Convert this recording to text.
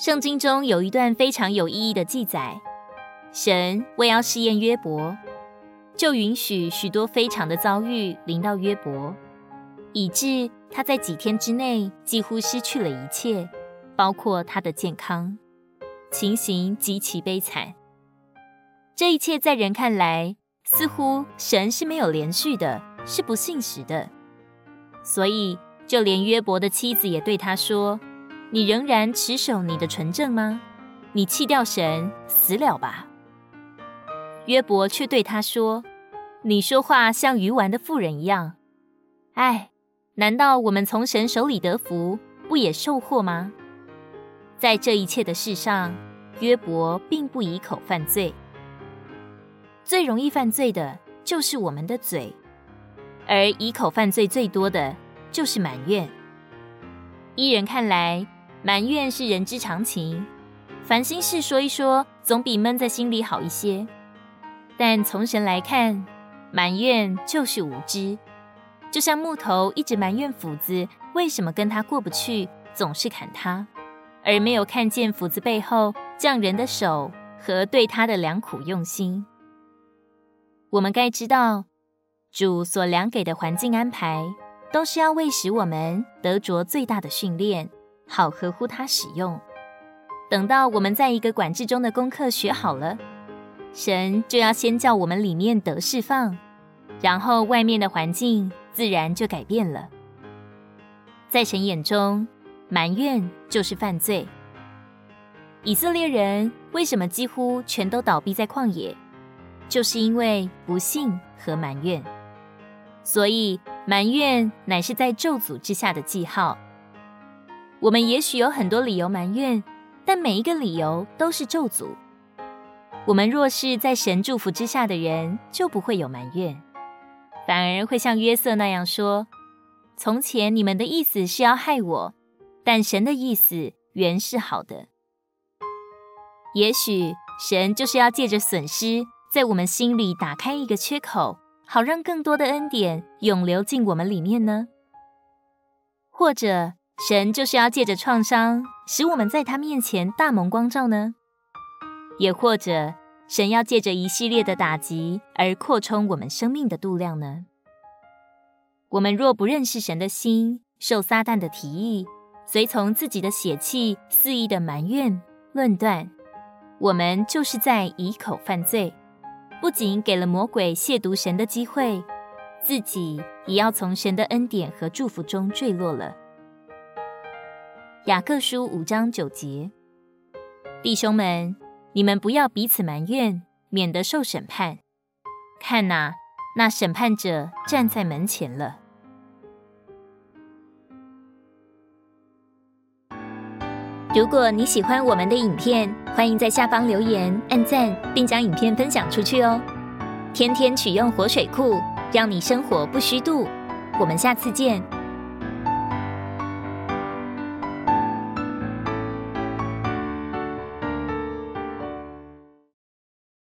聖經中有一段非常有意義的記載，神為要試驗約伯，就允許許多非常的遭遇臨到約伯，以致他在幾天之內幾乎失去了一切，包括他的健康，情形極其悲慘。這一切在人看來，似乎神是沒有連續的，是不信實的，所以就連約伯的妻子也對他說，你仍然持守你的純正嗎？你棄掉神死了吧？約伯卻對他說：“你說話像愚頑的婦人一樣。哎，難道我們從神手裡得福，不也受禍嗎？”在這一切的事上，約伯並不以口犯罪。最容易犯罪的就是我們的嘴，而以口犯罪最多的就是埋怨。依人看來。埋怨是人之常情，煩心事說一說，總比悶在心裡好一些。但從神來看，埋怨就是無知。就像木頭一直埋怨斧子，為什麼跟他過不去，總是砍他，而沒有看見斧子背後匠人的手和對他的良苦用心。我們該知道，主所量給的環境安排，都是要為使我們得着最大的訓練。好合乎他使用。等到我們在一個管制中的功課學好了，神就要先叫我們裡面得釋放，然後外面的環境自然就改變了。在神眼中，埋怨就是犯罪。以色列人為什麼幾乎全都倒斃在曠野？就是因為不信和埋怨。所以，埋怨乃是在咒詛之下的記號。我們也許有很多理由埋怨，但每一個理由都是咒詛。我們若是在神祝福之下的人，就不會有埋怨，反而會像約瑟那樣說：“從前你們的意思是要害我，但神的意思原是好的。”也許神就是要借着損失，在我們心裡打開一個缺口，好讓更多的恩典湧流進我們裡面呢？或者……神就是要借着創傷，使我們在他面前大蒙光照呢？也或者，神要借着一系列的打擊，而擴充我們生命的度量呢？我們若不認識神的心，受撒旦的提議，隨從自己的血氣，肆意的埋怨、論斷，我們就是在以口犯罪，不僅給了魔鬼褻瀆神的機會，自己也要從神的恩典和祝福中墜落了。雅各書五章九節，弟兄們，你們不要彼此埋怨，免得受審判。看哪，那審判者站在門前了。如果你喜歡我們的影片，歡迎在下方留言、按讚，並將影片分享出去哦。天天取用活水庫，讓你生活不虛度。我們下次見。